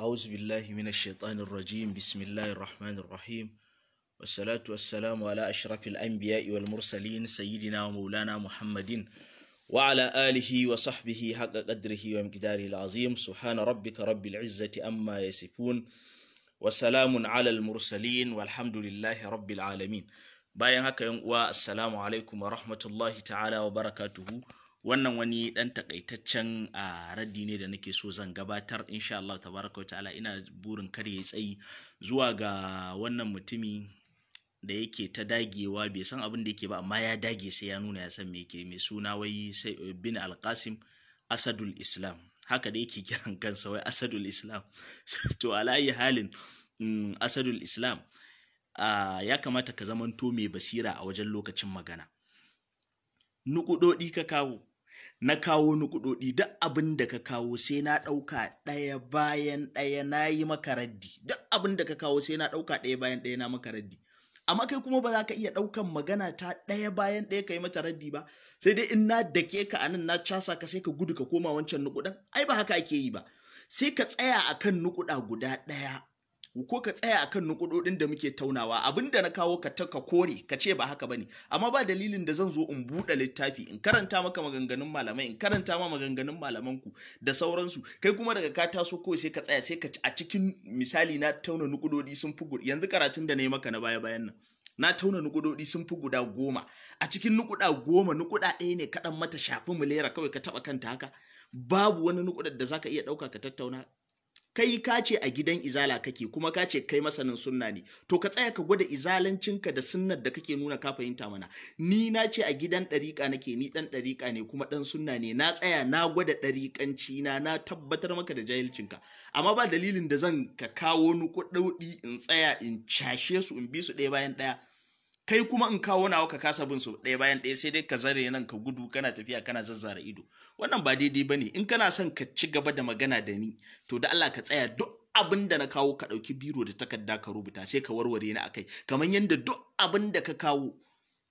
أعوذ بالله من الشيطان الرجيم بسم الله الرحمن الرحيم والصلاة والسلام على أشرف الأنبياء والمرسلين سيدنا ومولانا محمد وعلى آله وصحبه حق قدره ومقداره العظيم سبحان ربك رب العزة أما يسفون وسلام على المرسلين والحمد لله رب العالمين باين هكا السلام عليكم ورحمة الله تعالى وبركاته wannan wani dan takaitaccen a raddi ne da nake so zan gabatar insha Allah tabaraka ta'ala ina burin kar ya tsayi zuwa ga wannan mutumi da yake ta dagewa bai san abin da yake ba amma ya dage sai ya nuna ya san me yake mai suna wai sai eh, bin alqasim asadul islam haka da yake kiran kansa wai asadul islam to alayi halin mm, asadul islam ya kamata ka zamanto mai basira a wajen lokacin magana nukudodi ka kawo na kawo nukuɗoɗi duk abin da ka kawo sai na dauka daya bayan daya na yi maka raddi duk abin da ka kawo sai na dauka daya bayan daya na maka raddi amma kai kuma ba za ka iya daukan magana ta daya bayan daya ka yi mata raddi ba sai dai in na dake ka anan na casa ka sai ka gudu ka koma wancan nukuɗan ai ba haka ake yi ba sai ka tsaya akan nukuɗa guda daya. ko ka tsaya akan nukudodin da muke taunawa abinda na kawo ka ta ka kore ka ce ba haka bane amma ba dalilin da zan zo in buɗe littafi in karanta maka maganganun malamai in karanta ma maganganun malaman ku da sauransu kai kuma daga ka taso kawai sai ka tsaya sai ka a cikin misali na tauna nukudodi sun fi yanzu karatun da na yi maka na baya bayan nan na tauna nukudodi sun fi guda goma a cikin nukuda goma nukuda ɗaya ne kaɗan mata shafi milera kawai ka taɓa kanta haka babu wani nukudar da zaka iya ɗauka ka tattauna kai ka ce a gidan izala kake kuma ka ce kai masanin sunna ne to ka tsaya ka gwada izalancinka da sunnar da kake nuna ka fahimta mana ni na ce a gidan ɗariƙa nake ni ɗan ɗariƙa ne kuma ɗan sunna ne na tsaya na gwada ɗariƙanci na na tabbatar maka da jahilcinka amma ba dalilin da zan ka kawo ni kuɗaɗi in tsaya in cashe su in bi su ɗaya bayan ɗaya kai kuma in kawo nawa ka kasa bin su ɗaya bayan ɗaya sai dai ka zare nan ka gudu kana tafiya kana zazzara ido wannan ba daidai bane in kana son ka ci gaba da magana da ni to da Allah ka tsaya duk abin da na kawo ka ɗauki biro da takarda ka rubuta sai ka warware ni akai kamar yadda duk abin da ka kawo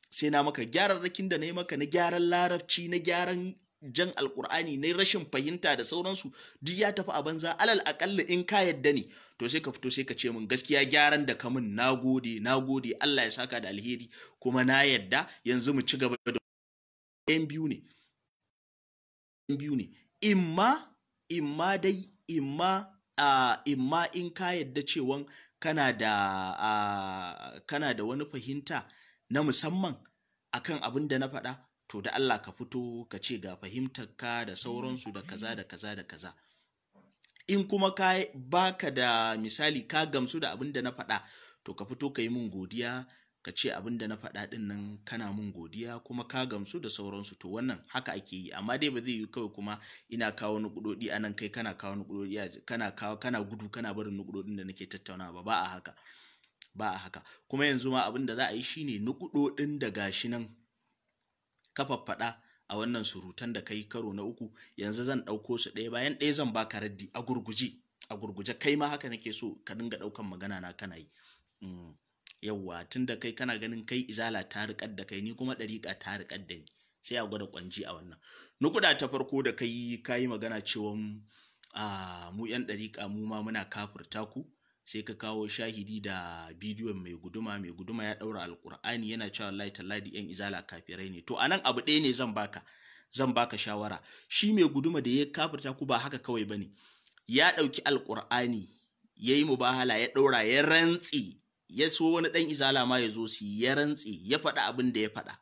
sai na maka gyararrakin da na yi maka na gyaran larabci na gyaran jan alkur'ani na rashin fahimta da sauransu duk ya tafi a banza alal aƙalla in ka yadda ne to sai ka fito sai ka ce min gaskiya gyaran da kamun na gode na gode Allah ya saka da alheri kuma na yadda yanzu mu ci gaba da yan yan biyu ne imma imma dai imma a imma in ka yadda cewan kana da kana da wani fahimta na musamman akan abin da na faɗa to da Allah ka fito ka ce ga fahimtarka da mm. sauransu da kaza da kaza da kaza in kuma ka baka da misali ka gamsu da abin da na faɗa to ka fito ka yi mun godiya ka ce abin da na faɗa ɗin nan kana mun godiya kuma ka gamsu da sauransu to wannan haka ake yi amma dai ba zai yi kawai kuma ina kawo nukudodi a nan kai kana kawo nukudodi kana kawo kana gudu kana barin nukudodin da nake tattauna ba ba a haka ba a haka kuma yanzu ma abin da za a yi shine nukudodin da gashi nan kafaffaɗa a wannan surutan da kai karo na uku yanzu zan ɗauko su ɗaya bayan ɗaya zan baka raddi a gurguje a gurguje kai ma haka nake so ka dinga ɗaukan magana na kana yi mm, yawwa tun da kai kana ganin kai izala ta riƙar da kai ni kuma ɗariƙa ta riƙar da ni sai a gwada ƙwanji a wannan nukuda ta farko da kai ka yi magana cewa ah, mu yan ɗariƙa mu ma muna kafurta ku sai ka kawo shahidi da bidiyon mai guduma mai guduma ya daura alkur'ani yana cewa wallahi ladi yan izala kafirai ne to anan abu ɗaya ne zan baka zan baka shawara shi mai guduma da ya kafirta ku ba haka kawai bane ya ɗauki alkur'ani ya yi mubahala ya ɗaura ya rantsi ya so wani ɗan izala ma ya zo su ya rantsi ya faɗa abin da ya faɗa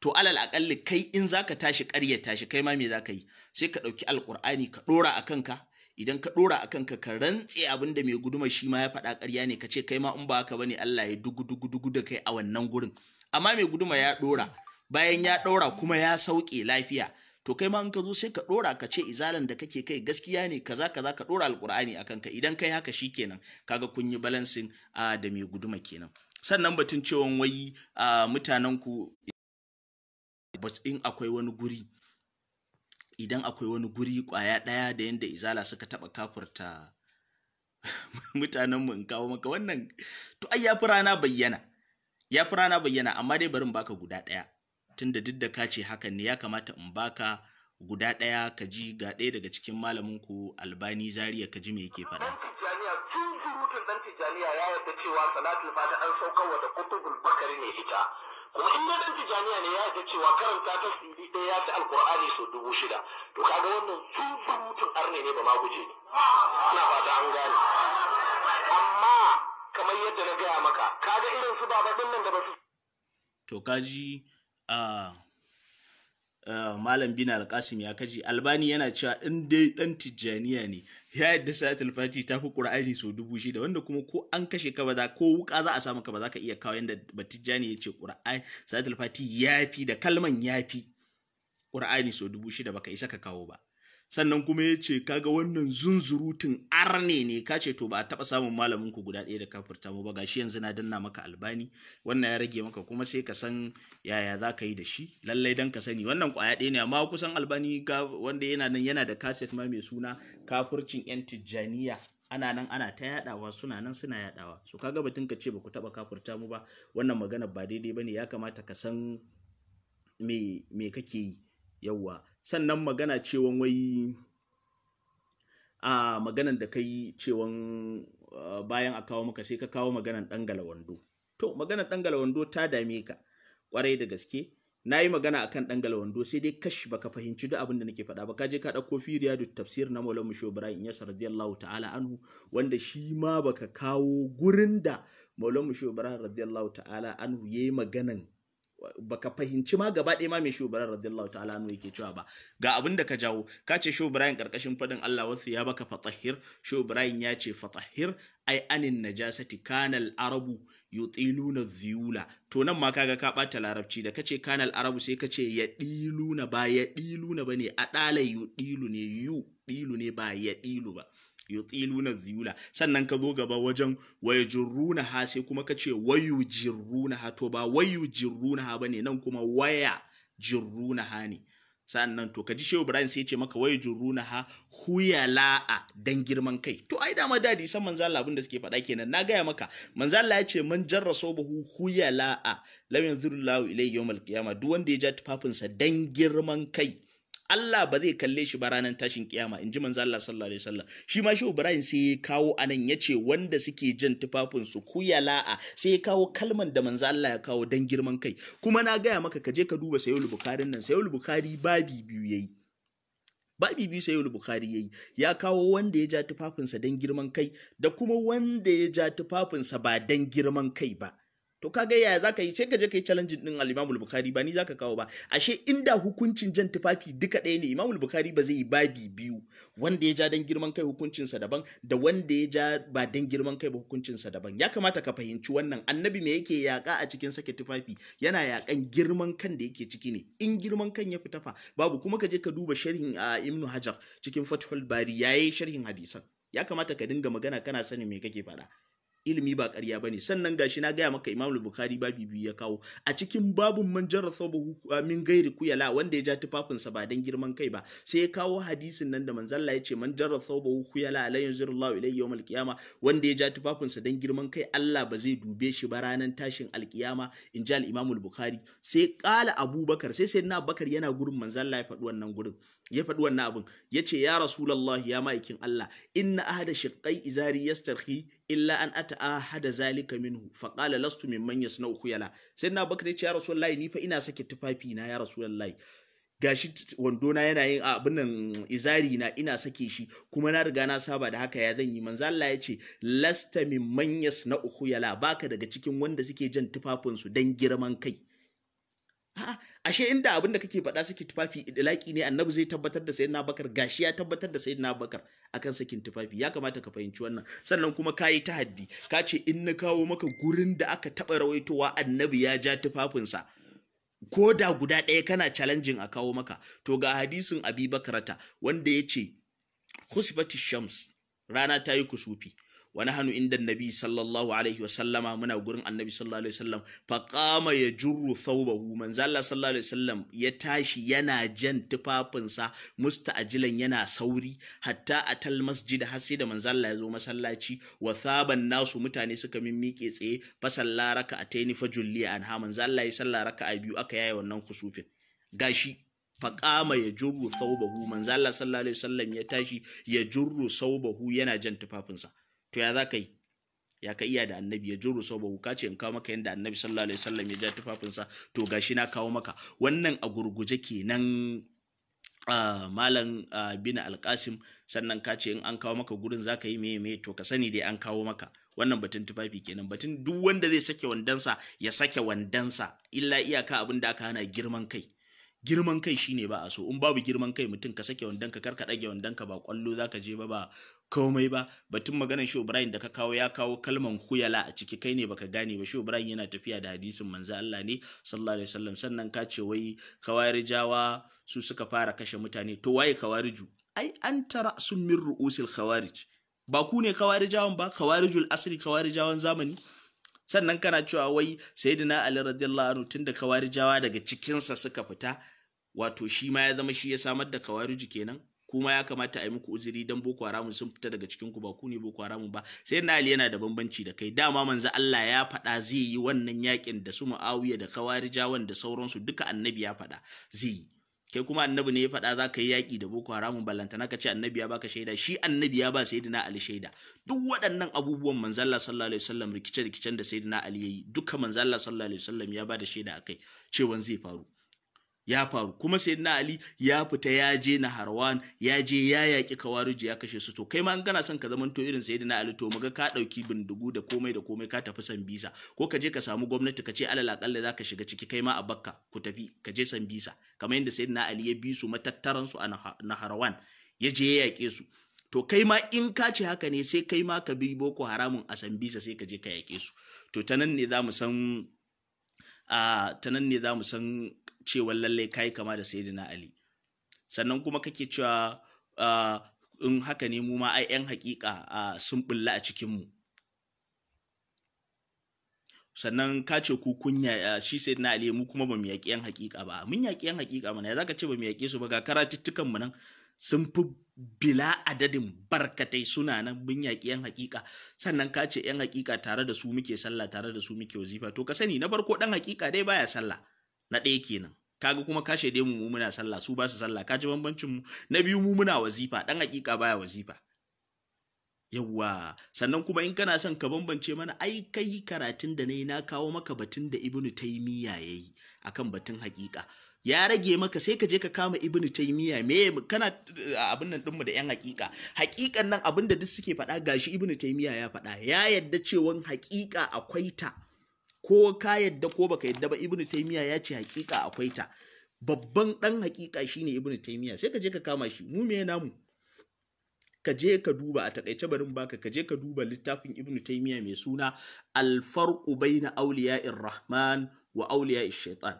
to alal akalli kai in zaka tashi ƙaryata tashi kai ma me zaka yi sai ka ɗauki alkur'ani ka ɗora a kanka idan ka dora a kanka ka rantse abin da mai guduma shi ma ya faɗa ƙarya ne ka ce kai ma in ba haka bane Allah ya dugu dugu dugu da kai a wannan gurin amma mai guduma ya dora bayan ya dora kuma ya sauke lafiya to kai ma in ka zo sai ka dora ka ce izalan da kake kai gaskiya ne kaza kaza ka dora alkur'ani akan ka idan kai haka shi kenan kaga kun yi balancing da mai guduma kenan sannan batun cewa wai mutanen ku in akwai wani guri idan akwai wani guri kwaya ɗaya da yadda izala suka taba kafurta mutanenmu in kawo maka wannan to ai ya fi rana bayyana ya fi rana bayyana amma dai bari in baka guda ɗaya tunda duk da ka ce hakan ne ya kamata in baka guda ɗaya ka ji ga ɗaya daga cikin malamin ku albani zaria ka ji me yake faɗa. sun tijaniya ya yarda cewa salatul fata an wa da kutubul bakari ne ita kuma in dan tijaniya ne ya ga cewa karanta ta CD ɗaya ya ci alkur'ani sau dubu shida to kaga wannan tsuntsun mutum arne ne ba ma guje ne ina fata an gane amma kamar yadda na gaya maka kaga irin su baba ɗin nan da ba su to kaji a ah, Eh, malam bin alkasim ya kaji albani yana cewa in dai dan tijjaniya ne ya yadda sayatul ta fi qur'ani so dubu shida wanda kuma ko an kashe ka ba za ko wuka za a samu ka ba za ka iya kawo yanda batijjani ya ce qur'ani sayatul ya fi da kalman ya fi qur'ani so dubu shida baka isa ka kawo ba sannan kuma ya ce kaga wannan zunzurutun arne ne ka ce to ba a taɓa samun malamin ku guda ɗaya da kafirta mu ba gashi yanzu na danna maka albani wannan ya rage maka kuma sai ka san yaya za ka yi da shi lallai dan ka sani wannan kwaya ɗaya ne amma kusan albani wanda yana nan yana da kaset ma mai suna kafircin yan tijjaniya ana nan ana ta yadawa suna nan suna yadawa so kaga batun ka ce ku taba kafurta mu ba wannan magana ba daidai ba ne ya kamata ka san me kake yi yauwa sannan magana cewan wai a maganan da kai cewan bayan a kawo maka sai ka kawo maganan dangala wando to maganan dangala wando ta dame ka kwarai da gaske na yi magana akan dangala wando sai dai kash baka fahimci duk abin da nake faɗa ba Ka je ka ɗauko fi riyadu tafsir na maulana musho ibrahim yasa radiyallahu ta'ala anhu wanda shi ma baka kawo gurin da maulana musho ibrahim radiyallahu ta'ala anhu yayi maganan baka fahimci ma gaba ɗaya ma mai shubarar radiyallahu ta'ala anhu yake cewa ba ga abin da ka jawo ka ce shubarayin karkashin fadin Allah wasu ya baka fatahir shubarayin ya ce fatahir ai anin najasati kanal arabu yutiluna ziyula to nan ma kaga ka ɓata larabci da ka ce kanal arabu sai ka ce ya na ba ya ba ne a dala ɗilu ne yu ɗilu ne ba ya ɗilu ba yutiluna ziyula sannan ka zo gaba wajen wayajurruna ha sai kuma ka ce wayujirruna ha to ba wayujirruna ha bane nan kuma waya jirruna ha ne sannan to ka ji shehu ibrahim sai ce maka wai ha huyala'a dan girman kai to ai dama dadi san manzo Allah abin suke faɗa kenan na gaya maka manzo Allah ya ce man jarra sobahu huyala'a lam yanzuru Allahu ilayhi yawmal qiyamah duk wanda ya ja tufafinsa dan girman kai Allah ba zai kalle shi ba ranar tashin kiyama in ji manzo Allah sallallahu alaihi wasallam shi ma shehu Ibrahim sai ya kawo anan ya ce wanda suke jan tufafin su kuyala'a sai ya kawo kalman da manzo Allah ya kawo dan girman kai kuma na gaya maka ka je ka duba sayyul bukhari nan sayyul bukhari babi biyu yayi babi biyu sayyul bukhari yayi ya kawo wanda ya ja tufafinsa dan girman kai da kuma wanda ya ja tufafinsa ba dan girman kai ba to ka ga yaya zaka yi sai ka je ka yi challenge din al-Imam bukhari ba ni zaka kawo ba ashe inda hukuncin jan tufafi duka ɗaya ne Imam bukhari ba zai yi babi biyu wanda ya ja dan girman kai hukuncin sa daban da wanda ya ja ba dan girman kai ba hukuncin sa daban ya kamata ka fahimci wannan annabi me yake yaka a cikin sake tufafi yana yakan girman kan da yake ciki ne in girman kan ya fita fa babu kuma ka je ka duba sharhin a ah, Ibn Hajar cikin Fathul Bari yayi sharhin hadisan ya kamata ka dinga magana kana sanin me kake faɗa ilimi ba ƙarya bane sannan gashi na gaya maka Imam Bukhari babu biyu ya kawo a cikin babun man jarrasabahu ah, min gairi kuyala wanda ya ja tufafinsa ba don girman kai ba sai ya kawo hadisin nan da manzalla ya ce man jarrasabahu kuyala la yunzirullahu ilai yau malkiyama wanda ya ja tufafinsa dan girman kai Allah ba zai dube shi ba ranan tashin alkiyama in ji al-Imam Bukhari sai kala Abubakar sai na bakar yana gurin manzon ya faɗi wannan gurin ya faɗi wannan abin ya ce ya rasulallah ya ma'aikin Allah inna ahada shiƙai izari yastarhi illa an ata ahada zalika minhu fa qala lastu mimman yasna'u khuyala sai na bakar ya ce ya ni fa ina sake tufafi na ya rasulallahi gashi wando na yana yin abin nan izari na ina sake shi kuma na riga na saba da haka ya zan yi manzo Allah ya ce lasta mimman yasna'u khuyala baka daga cikin wanda suke jan tufafin su dan girman kai ha ashe inda abin da kake faɗa sakin tufafi idilaki ne annabi zai tabbatar da sayyidina bakar gashi ya tabbatar da sayyidina bakar akan sakin tufafi ya kamata ka fahimci wannan sannan kuma kayi haddi ka ce in na kawo maka gurin da aka taɓa rawaitowa annabi ya ja tufafinsa ko da guda ɗaya kana challenging a kawo maka to ga hadisin abi bakarata wanda ya ce khusbati shams rana ta yi kusufi Wani hannu inda annabi sallallahu alaihi wasallama muna gurin annabi sallallahu alaihi wasallam fa ya yajurru thawbahu manzo Allah sallallahu alaihi wasallam ya tashi yana jan tufafinsa musta'jilan yana sauri hatta atal masjid har sai da manzo Allah ya zo masallaci wa thaban nasu mutane suka mimmike tsaye fa salla raka'ataini fa julliya anha manzo Allah ya salla raka'a biyu aka yaye wannan kusufin gashi faƙama ya jurru saubahu manzo Allah sallallahu alaihi wasallam ya tashi ya jurru saubahu yana jan tufafinsa to ya za ka yi ya ka iya da annabi ya juro sau bahu ka ce in kawo maka yadda annabi sallallahu alaihi wasallam ya ja tufafinsa to gashi na kawo maka wannan a gurguje kenan malam bin alkasim sannan ka ce in an kawo maka gurin za ka yi meye to ka sani dai an kawo maka wannan batun tufafi kenan batun duk wanda zai sake wandansa ya sake wandansa illa iyaka abin da aka hana girman kai girman kai shine ba a so in babu girman kai mutum ka sake wandanka kar ka dage wandanka ba kwallo ka je ba ba komai ba batun maganar shi Ibrahim da ka kawo ya kawo kalman huyala a ciki kai ne baka gane ba shi Ibrahim yana tafiya da hadisin manzo Allah ne sallallahu alaihi wasallam sannan ka ce wai kawarijawa su suka fara kashe mutane to waye kawariju ai an tara sun min ru'usil khawarij ba ku ne kawarijawan ba kawarijul asri kawarijawan zamani sannan kana cewa wai sayyidina Ali radiyallahu anhu tunda kawarijawa daga cikinsa suka fita wato shi ma ya zama shi ya samar da kawariju kenan kuma ya kamata a yi muku uzuri dan boko haramun sun fita daga cikin ku ba ku ne boko haramun ba sai na yana da bambanci da kai dama manzo Allah ya faɗa zai yi wannan yakin da su muawiya da kawarijawan da sauransu duka annabi ya faɗa zai yi kai kuma annabi ne ya faɗa za ka yi yaki da boko haramun ballantana ka ce annabi ya baka shaida shi annabi ya ba sayyidina ali shaida duk waɗannan abubuwan Allah sallallahu alaihi wasallam rikice rikicen da sayyidina ali yayi duka Allah sallallahu alaihi wasallam ya ba da shaida akai Cewa zai faru ya faru kuma na ali ya fita ya je na harwan ya je ya yaki kawaruji ya kashe su to kai ma kana son ka to irin na ali to muga ka ɗauki bindigu da komai da komai ka tafi bisa ko ka je ka samu gwamnati ka ce alal za ka shiga ciki kai ma a bakka ku tafi ka je bisa kamar yadda na ali ya bi su matattaran su a na harwan ya je ya yake su to kai ma in ka ce haka ne sai kai ma ka bi boko haramun a bisa sai ka je ka yake su to ta nan ne za mu san a ah, ta ne za mu san cewa lallai kayi kama da sayyidina ali sannan kuma kake cewa ah, in haka ne mu ma ai yan hakika ah, sun bulla a cikin mu sannan ka ce ku kun ah, shi sayyidina ali mu kuma bamu yaki yan hakika ba mun yaƙi yan hakika mana ya zaka ce bamu yaki su ba ga karatuttukan mu nan sun fi bila adadin barkatai suna nan mun yaƙi 'yan hakika sannan ka ce 'yan hakika tare da su muke sallah tare da su muke wazifa to ka sani na farko ɗan hakika dai baya sallah na ɗaya kenan kaga kuma ka shaide mu mumuna sallah su ba su sallah ka ji bambancin mu na biyu mumuna muna wazifa dan hakika baya wazifa yawwa sannan kuma in kana son ka bambance mana ai kai karatun da nayi na kawo maka batun da ibnu taymiya yayi akan batun hakika ya rage maka sai ka je ka kama ibnu taymiya me kana eh, abin nan dinmu da yan hakika hakikan nan abin da duk suke faɗa gashi ibnu taymiya ya faɗa ya yadda cewa hakika akwai ta ko ka yadda ko baka yadda ba ibnu taymiya ya ce hakika akwai ta babban dan hakika shine ibnu taymiya sai ka je ka kama shi mu me namu ka je ka duba a takaice barin baka ka je ka duba littafin ibnu taymiya mai suna al-farqu bayna awliya'ir rahman wa awliya'ish shaitan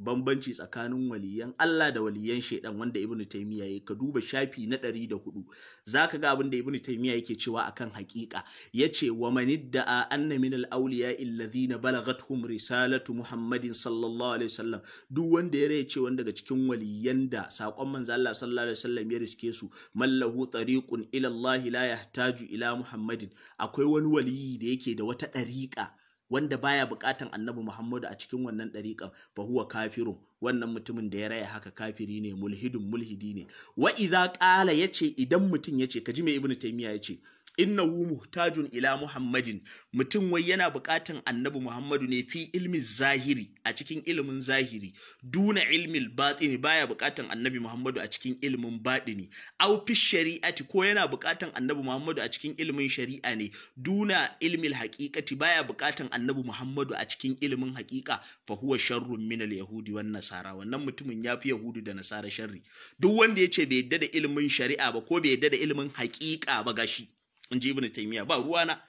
bambanci tsakanin waliyan Allah da waliyan shaidan wanda Ibn Taymiyyah ya ka duba shafi na 104 zaka ga abin da Ibn Taymiyyah yake cewa akan haƙiƙa yace wa manidda anna min al-awliya alladhina balagathum risalatu Muhammadin sallallahu alaihi wasallam duk wanda ya rayace cewa daga cikin waliyan da Saƙon manzo Allah sallallahu alaihi wasallam ya riske su mallahu tariqun ila Allah la yahtaju ila Muhammadin akwai wani waliyi da yake da wata ɗariƙa wanda baya bukatan annabi Muhammadu a cikin wannan ɗariƙar fa huwa kafirun wannan mutumin da ya raya haka kafiri ne mulhidun mulhidi ne wa idza qala yace idan mutum yace kaji mai ibnu taymiya yace Inna innahu muhtajun ila muhammadin mutum wai yana bukatan annabi muhammadu ne fi ilmin zahiri a cikin ilimin zahiri duna ilmin batini baya bukatan annabi muhammadu a cikin ilmin batini au fi shari'ati ko yana bukatan annabi muhammadu a cikin ilimin shari'a ne duna ilmin hakikati baya bukatan annabi muhammadu a cikin ilmin hakika fa huwa sharrun min al yahudi wan nasara wannan mutumin ya fi yahudu da nasara sharri duk wanda ya ce bai yadda da ilimin shari'a ba ko bai yadda da ilimin hakika ba gashi in ji ibn taymiya ba ruwana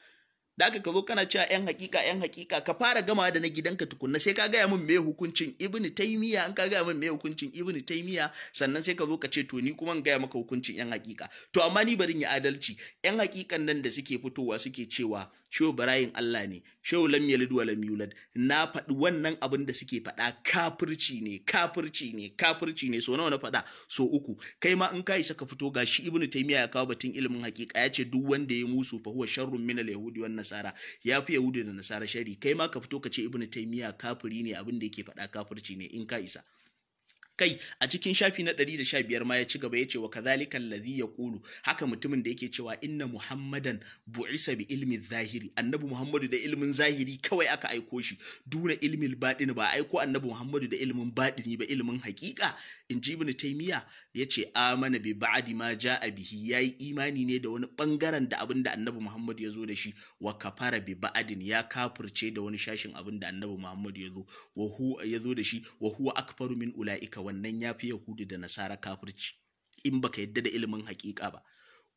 da aka ka zo kana cewa yan hakika yan hakika ka fara gama da na gidanka tukunna sai ka gaya min me hukuncin ibnu taymiya an ka gaya min me hukuncin ibnu taymiya sannan sai ka zo ka ce to ni kuma in gaya maka hukuncin yan hakika to amma ni barin ya adalci yan hakikan nan da suke fitowa suke cewa shehu barayin Allah ne shehu lam yalid wa lam yulad na faɗi wannan abin da suke faɗa kafirci ne kafirci ne kafirci ne so nawa na faɗa so uku kai ma in ka isa ka fito gashi ibnu taymiya ya kawo batun ilimin hakika ya ce duk wanda ya musu fa huwa sharrun min al-yahudi wannan. nasara ya fi yahudu da nasara shari kai ma ka fito ka ce ibnu taimiya kafiri ne abin da yake faɗa kafirci ne in ka isa kai a cikin shafi na ɗari da sha biyar ma ya ci gaba ya ce wa kadhalika ya yaqulu haka mutumin da yake cewa inna muhammadan bu'isa bi ilmin zahiri annabi muhammadu da ilmin zahiri kawai aka aiko shi duna ilmin badini ba aiko annabi muhammadu da ilmin badini ba ilmin hakika in ji ibn taimiya ya ce amana bi ba'di ma ja a bihi ya yi imani ne da wani bangaren da abin da annabi muhammad ya zo da shi wa kafara bi ba'adin ya kafurce da wani shashin abin da annabi muhammad ya zo ya zo da shi wa huwa akfaru min ulaika wannan ya yafi yahudu da nasara kafurci in baka yadda da ilimin hakika ba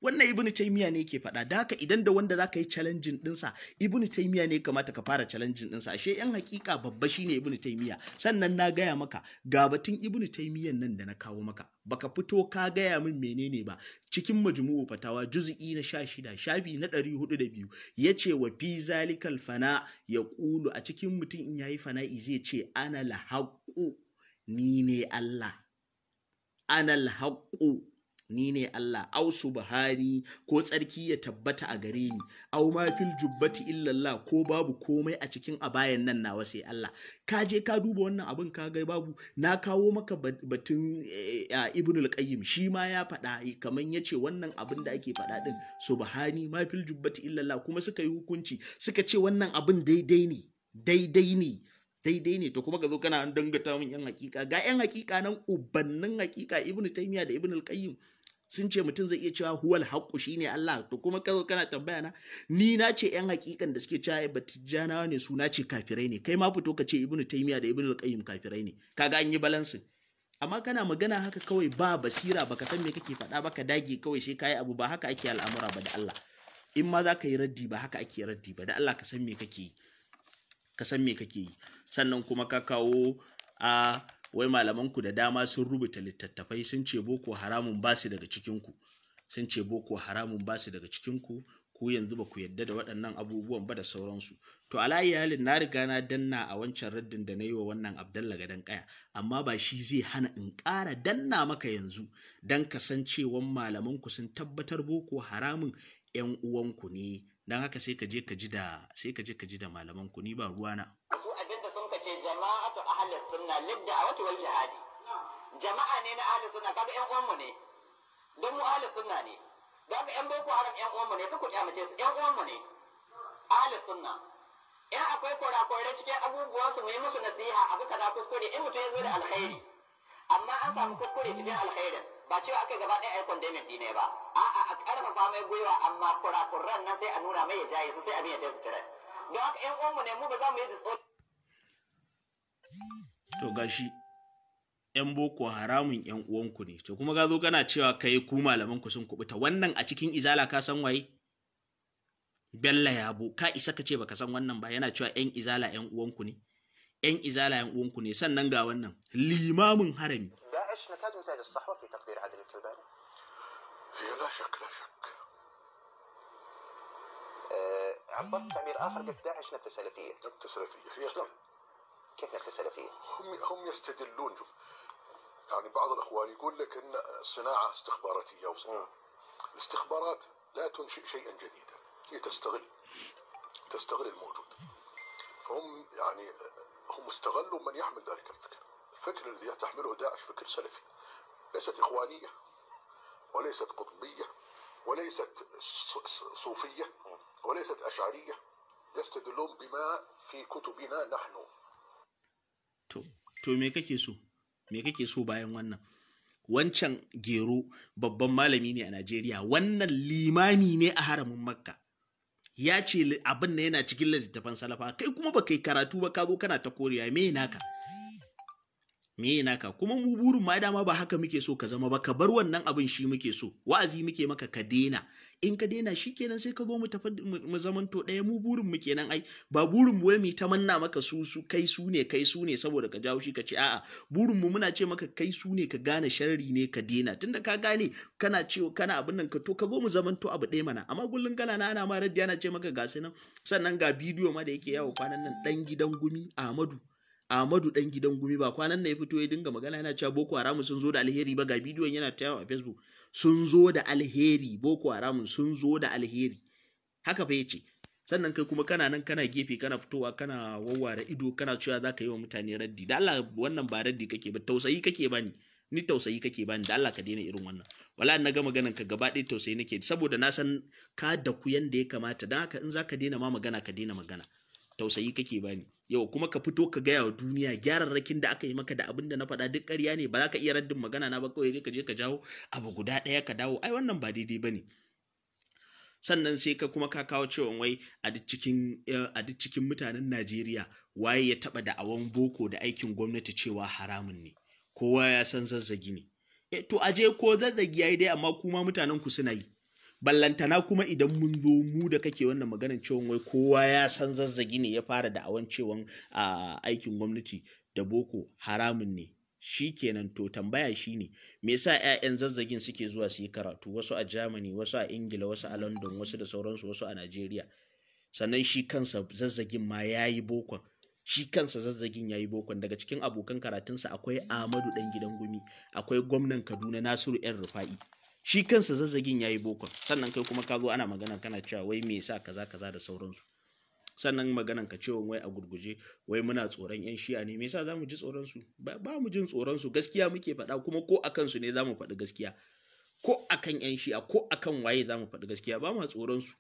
wannan ibnu taymiya ne ke faɗa da haka idan da wanda za ka yi challenging dinsa ibnu taymiya ne kamata ka fara challenging dinsa ashe yan hakika babba shi ne ibnu taymiya sannan na gaya maka ga batun ibnu Taymiya nan da na kawo maka baka fito ka gaya min menene ba cikin majmu'u fatawa juz'i na 16 shafi na 402 yace wa fi zalikal fana yaqulu a cikin mutum in yayi fana'i zai ce ana la ni ne Allah ana la ni ne Allah au Buhari ko tsarki ya tabbata a gare ni au ma fil jubbati illallah ko babu komai a cikin abayan nan nawa sai Allah ka je ka duba wannan abin ka ga babu na kawo maka batun eh, ibnu al-Qayyim shi ma ya faɗa eh, kaman yace wannan abin da ake faɗa din subhani ma fil jubbati illallah kuma suka yi hukunci suka ce wannan abin daidai ne daidai ne daidai ne to kuma ka zo kana dangata min yan hakika ga yan hakika nan ubannin hakika ibnu taymiya da ibnu al-qayyim sun ce mutum zai iya cewa huwal shi ne Allah to kuma kazo kana tambaya na ni na ce yan haƙiƙan da suke cewa batijana ne su na ce kafirai ne kai ma fito ka ce ibnu taymiya da ibnu qayyim kafirai ne kaga an yi balansin amma kana magana haka kawai ba basira baka san me kake faɗa ba ka dage kawai sai yi abu ba haka ake al'amura ba da Allah in ma za ka yi raddi ba haka ake raddi ba da Allah ka san me kake yi ka san me kake sannan kuma ka kawo a ah, wai malamanku da dama sun rubuta littattafai sun ce boko haramun ba su daga cikinku sun ce boko haramun ba su daga cikinku ku yanzu ba ku yadda da waɗannan abubuwan ba da sauransu to alayi halin na riga na danna a wancan raddin da na yi wa wannan abdalla gadan kaya amma ba shi zai hana in ƙara danna maka yanzu don kasancewan malamanku sun tabbatar boko haramun 'yan uwanku ne don haka sai ka je ka ji da malamanku ni ba ruwana. ahli sunna lidda wal jihadi jama'a ne na ahli sunna kaga yan mu ne don mu ahli sunna ne kaga yan boko haram yan mu ne kuka kyamace su yan mu ne ahli sunna 'Yan akwai kora kurakurai cikin abubuwan su mu yi musu nasiha abu kaza kuskure in mutum ya zo da alkhairi amma an samu kuskure cikin alkhairin ba cewa aka gaba ɗaya aikon damin ne ba a'a a ƙarfafa mai gwiwa amma kurakuran nan sai a nuna mai ya jaye su sai abin ya je su tare don haka yan mu ne mu ba za mu yi disorder to gashi yan boko haramun yan uwanku ne to kuma ka zo kana cewa kai ku malaman ku sun kubuta wannan a cikin izala ka san waye bella bo ka isa ka ce baka san wannan ba yana cewa yan izala yan uwanku ne yan izala yan uwanku ne sannan ga wannan limamin harami داعش تعبير اخر قلت داعش سلفيه سلفيه هي كيف كثره السلفيه هم هم يستدلون شوف يعني بعض الاخوان يقول لك ان الصناعه استخباراتيه وصناعه الاستخبارات لا تنشئ شيئا جديدا هي تستغل تستغل الموجود فهم يعني هم استغلوا من يحمل ذلك الفكر الفكر الذي تحمله داعش فكر سلفي ليست إخوانية وليست قطبية وليست صوفية وليست أشعرية يستدلون بما في كتبنا نحن to me kake so me kake so bayan wannan wancan gero babban malami ne a Najeriya wannan limami ne a haramin Makka ya ce abin na yana cikin littattafan salafa kai kuma ba kai karatu ba ka zo kana ta koriya me naka me naka kuma mu burin ma dama ba haka muke so ka zama ba ka bar wannan abin shi muke so wa'azi muke maka ka dena in ka dena kenan sai ka zo mu tafi mu to ɗaya mu burin mu kenan ai ba burin mu wai mu tamanna maka su su kai su ne kai su ne saboda ka jawo shi ka ce a'a burin mu muna ce maka kai su ne ka gane sharri ne ka dena tunda ka gane kana ce kana abin nan ka to ka zo mu zamanto abu ɗaya mana amma kullun kana na ana ma raddi ana ce maka ga nan sannan ga bidiyo ma da yake yawo kwanan nan dan gidan gumi Ahmadu Ahmadu dan gidan gumi ba kwanan na ya fito ya dinga magana yana cewa Boko Haram sun zo da alheri ba ga bidiyon yana ta a Facebook sun zo da alheri Boko Haram sun zo da alheri haka fa yace sannan kai kuma kana nan kana gefe kana fitowa kana wawware ido kana cewa zaka yi wa mutane raddi da Allah wannan ba raddi kake ba tausayi kake bani ni tausayi kake bani da Allah ka daina irin wannan wala na ga maganan ka gaba ɗaya tausayi nake saboda na san ka da ku yanda ya kamata dan haka in zaka daina ma magana ka daina magana tausayi kake bani yau kuma ka fito ka gaya wa duniya gyararrakin da aka yi maka da abin da na faɗa duk ƙarya ne ba za ka iya raddin magana na ba kawai ka je ka jawo abu guda ɗaya ka dawo ai wannan ba daidai ba ne sannan sai ka kuma ka kawo cewa wai a duk cikin eh, mutanen Najeriya waye ya taɓa awon boko da aikin gwamnati cewa haramun ne kowa ya san zazzagi ne eh, to aje ko zazzagi yayi dai amma kuma mutanen ku suna yi ballantana kuma idan mun zo mu da kake wannan maganar cewon wai kowa ya san zazzagi ne ya fara da awan a aikin gwamnati da boko haramun ne shi kenan to tambaya shi ne me yasa 'ya'yan zazzagin suke zuwa su yi karatu wasu a germany wasu a ingila wasu a london wasu da sauransu wasu a nigeria sannan shi kansa zazzagin ma ya yi bokon shi kansa zazzagin ya yi bokon daga cikin abokan karatunsa akwai amadu dan gidan gumi akwai gwamnan kaduna nasiru yan rufa'i shi kansa zazzagin yayi bokon sannan kai kuma ka zo ana magana kana cewa wai me yasa kaza kaza da sauransu sannan maganan ka cewa wai a gurguje wai muna tsoron yan shi'a ne me yasa mu ji tsoron su ba mu jin tsoron su gaskiya muke faɗa kuma ko a kansu ne za mu faɗi gaskiya ko akan yan shi'a ko akan waye za mu faɗi gaskiya ba mu tsoron su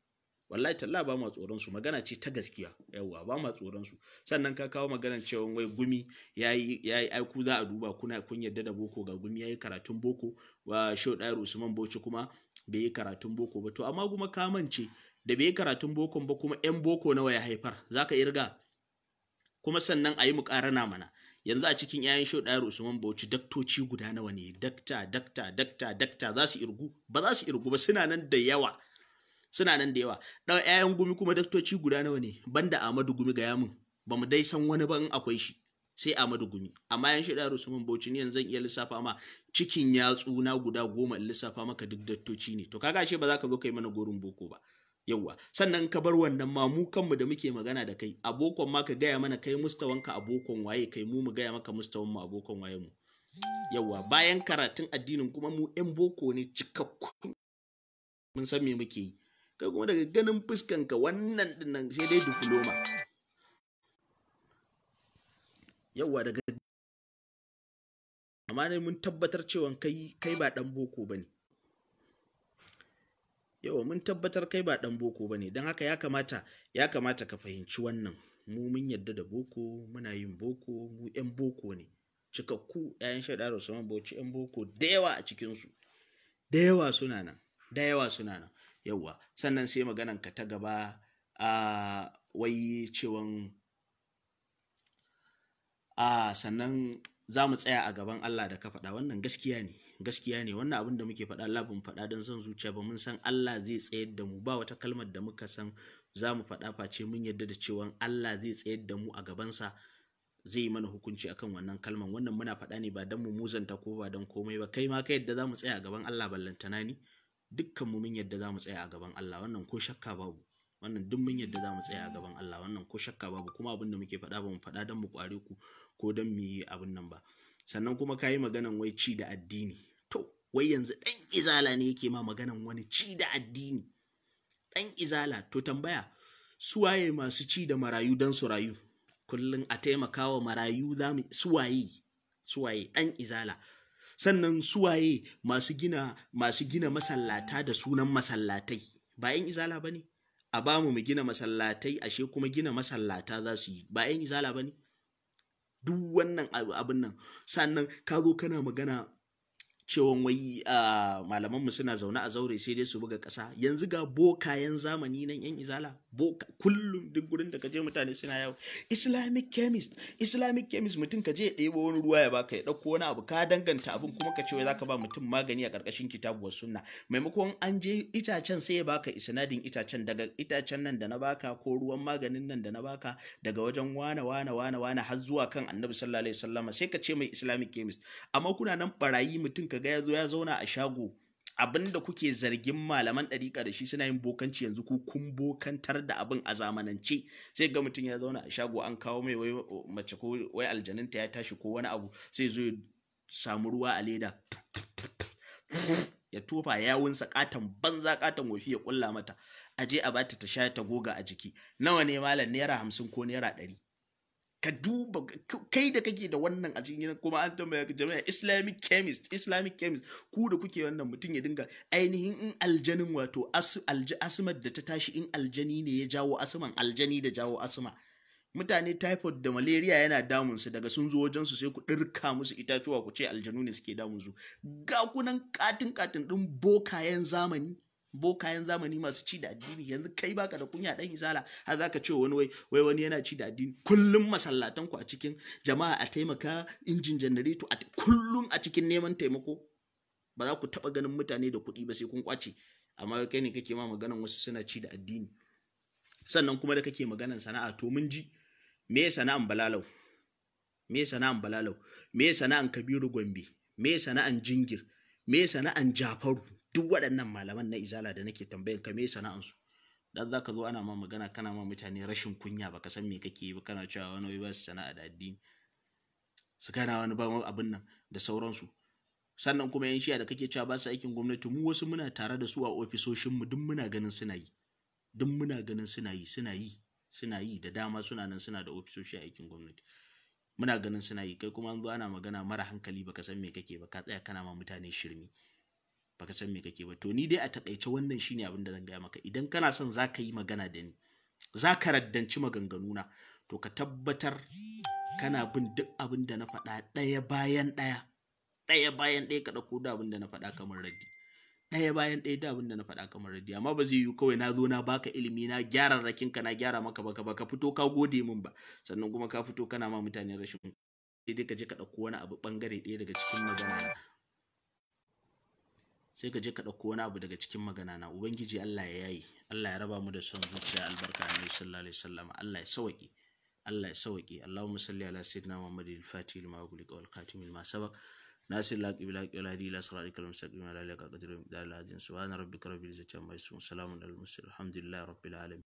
wallahi talla ba ma tsoron su magana ce ta gaskiya yawwa ba ma tsoron su sannan ka kawo maganar cewa wai gumi yayi yayi aiku za a duba kuna kun yarda da boko ga gumi yayi karatun boko wa Shehu Dairu Usman Bauchi kuma bai yi karatun boko ba to amma kuma ka mance da bai yi karatun bokon ba kuma yan boko nawa ya haifar zaka irga kuma sannan a yi mukarana mana yanzu a cikin 'ya'yan Shehu Dairu Usman Bauchi daktoci guda nawa ne dakta dakta dakta dakta za su irgu ba za su irgu ba suna nan da yawa suna nan da yawa ɗan ƴaƴan gumi kuma daktoci guda nawa ne banda Amadu Gumi ga yamin ba mu dai san wani ba in akwai shi sai Amadu Gumi amma yan shida Usman Bauchi ne yanzu zan iya lissafa ma cikin yatsu na guda goma in lissafa maka duk daktoci ne to kaga ashe ba za ka zo kai mana gorin boko ba yauwa sannan ka bar wannan ma mu kanmu da muke magana da kai abokon ma ka gaya mana kai mustawanka abokon waye kai mu mu gaya maka mustawan mu abokon waye mu yauwa bayan karatun addinin kuma mu yan boko ne cikakkun mun san me muke yi kai kuma daga ganin fuskanka wannan dinnan sai dai diploma yawa daga amma ne mun tabbatar cewa kai kai ba dan boko bane yawa mun tabbatar kai ba dan boko bane don haka ya kamata ya kamata ka fahimci wannan mu mun yadda da boko muna yin boko mu yan boko ne cikakku yayan shaidar saman Bauchi yan boko da yawa a cikinsu da yawa suna nan da yawa suna nan yawwa sannan sai maganan ka ta gaba a wai cewan a sannan za mu tsaya a gaban Allah da ka faɗa wannan gaskiya ne gaskiya ne wannan abin da muke faɗa Allah fada faɗa don son zuciya ba mun san Allah zai tsayar da mu ba wata kalmar da muka san za mu faɗa face mun yarda da cewa Allah zai tsayar da mu a gabansa zai yi mana hukunci akan wannan kalmar wannan muna faɗa ne ba don mu muzanta ko ba don komai ba kai ma ka yadda za mu tsaya a gaban Allah ballantana ni dukkan mu mun yadda za mu tsaya a gaban Allah wannan ko shakka babu wannan duk mun yadda za tsaya a gaban Allah wannan ko shakka babu kuma abin da muke faɗa ba mu faɗa don mu ƙware ku ko don mu yi abin nan ba sannan kuma kayi maganan wai ci da addini to wai yanzu ɗan izala ne yake ma maganan wani ci da addini ɗan izala to tambaya suwaye masu ci da marayu don su rayu kullum a taimakawa marayu za mu suwaye suwaye ɗan izala sannan suwaye masu gina masu gina masallata da sunan masallatai ba 'yan izala ba ne a ba mu gina masallatai ashe kuma gina masallata za su yi ba 'yan izala ba ne duk wannan abin nan sannan ka zo kana magana cewan wai malamanmu suna zaune a zaure sai dai su buga ƙasa yanzu ga yan zamani nan yan izala boka kullum duk gurin da kaje mutane suna yawo islamic chemist islamic chemist mutum ka je ya ɗebo wani ruwa ya baka ya ɗauko wani abu ka danganta abin kuma ka ce wai zaka ba mutum magani a ƙarƙashin kitabuwar sunna maimakon an je itacen sai ya baka isnadin itacen daga itacen nan da na baka ko ruwan maganin nan da na baka daga wajen wane wane wane wane har zuwa kan annabi sallallahu alaihi wasallama sai ka ce mai islamic chemist amma kuna nan barayi mutum kaga ya zo ya zauna a shago abin da kuke zargin malaman ɗariƙa da shi suna yin bokanci yanzu ku kun bokantar da abin a zamanance sai ga mutum ya zauna a shago an kawo mai wai mace ko wai aljaninta ya tashi ko wani abu sai zo ya samu ruwa a leda ya tofa yawunsa katon banza katon wafi ya kulla mata aje a bata ta sha ta goga a jiki nawa ne malam naira hamsin ko naira ɗari ka duba kai da kake da wannan a cikin gidan kuma an tambaya ka jami'a islamic chemist islamic chemist ku da kuke wannan mutum ya dinga ainihin in aljanin wato asumar da ta tashi in aljani ne ya jawo asman aljani da jawo asma mutane typhoid da malaria yana damun daga sun zo wajen su sai ku dirka musu itatuwa ku ce aljanu ne suke damun su ga kunan katin katin din bokayen zamani Bo kayan zamani masu ci da addini yanzu kai baka da kunya dan izala har zaka ce wani wai wai wani yana ci da addini kullum masallatan ku a cikin jama'a a taimaka injin janareto a kullum a cikin neman taimako ba za ku taba ganin mutane da kuɗi ba sai kun kwace amma kai ne kake ma maganan wasu suna ci da addini sannan kuma da kake maganan sana'a to mun ji me sana'an balalau me sana'an balalau me sana'an kabiru gombe me sana'an jingir me sana'an jafaru duk waɗannan malaman na izala da nake tambayan ka me sana'ansu dan zaka zo ana ma magana kana ma mutane rashin kunya baka san me kake yi ba kana cewa wani ba su sana'a da addini su kana wani ba abin nan da sauransu sannan kuma yan shiya da kake cewa ba su aikin gwamnati mu wasu muna tare da su a ofisoshin mu duk muna ganin suna yi duk muna ganin suna yi suna yi suna yi da dama suna nan suna da ofisoshi a aikin gwamnati muna ganin suna yi kai kuma an zo ana magana mara hankali baka san me kake ba ka tsaya kana ma mutane shirmi baka san me kake ba to ni dai a takaice wannan shine abin da zan gaya maka idan kana son za ka yi magana da ni za ka raddanci maganganuna to ka tabbatar kana bin duk abin da na faɗa ɗaya bayan ɗaya ɗaya bayan ɗaya ka ɗauko da abin da na faɗa kamar raddi ɗaya bayan ɗaya da abin da na faɗa kamar raddi amma ba zai yiwu kawai na zo na baka ilimi na gyara rakin ka na gyara maka baka ba ka fito ka gode min ba sannan kuma ka fito kana ma mutane rashin sai dai ka je ka ɗauko wani abu ɓangare ɗaya daga cikin magana sai ka je ka ɗauko wani abu daga cikin magana na ubangiji Allah ya yayi Allah ya raba mu da son zuciya albarka ne sallallahu alaihi wasallam Allah ya sauke Allah ya sauke Allahumma salli ala sayyidina Muhammadin al-Fatih lima ughliq wal khatim lima sabaq nasir la qibla ila hadi ila sirati kalam saqim ala laka qadru dalal azin subhana rabbika rabbil izzati amma yasifun salamun al mursalin alhamdulillahi rabbil alamin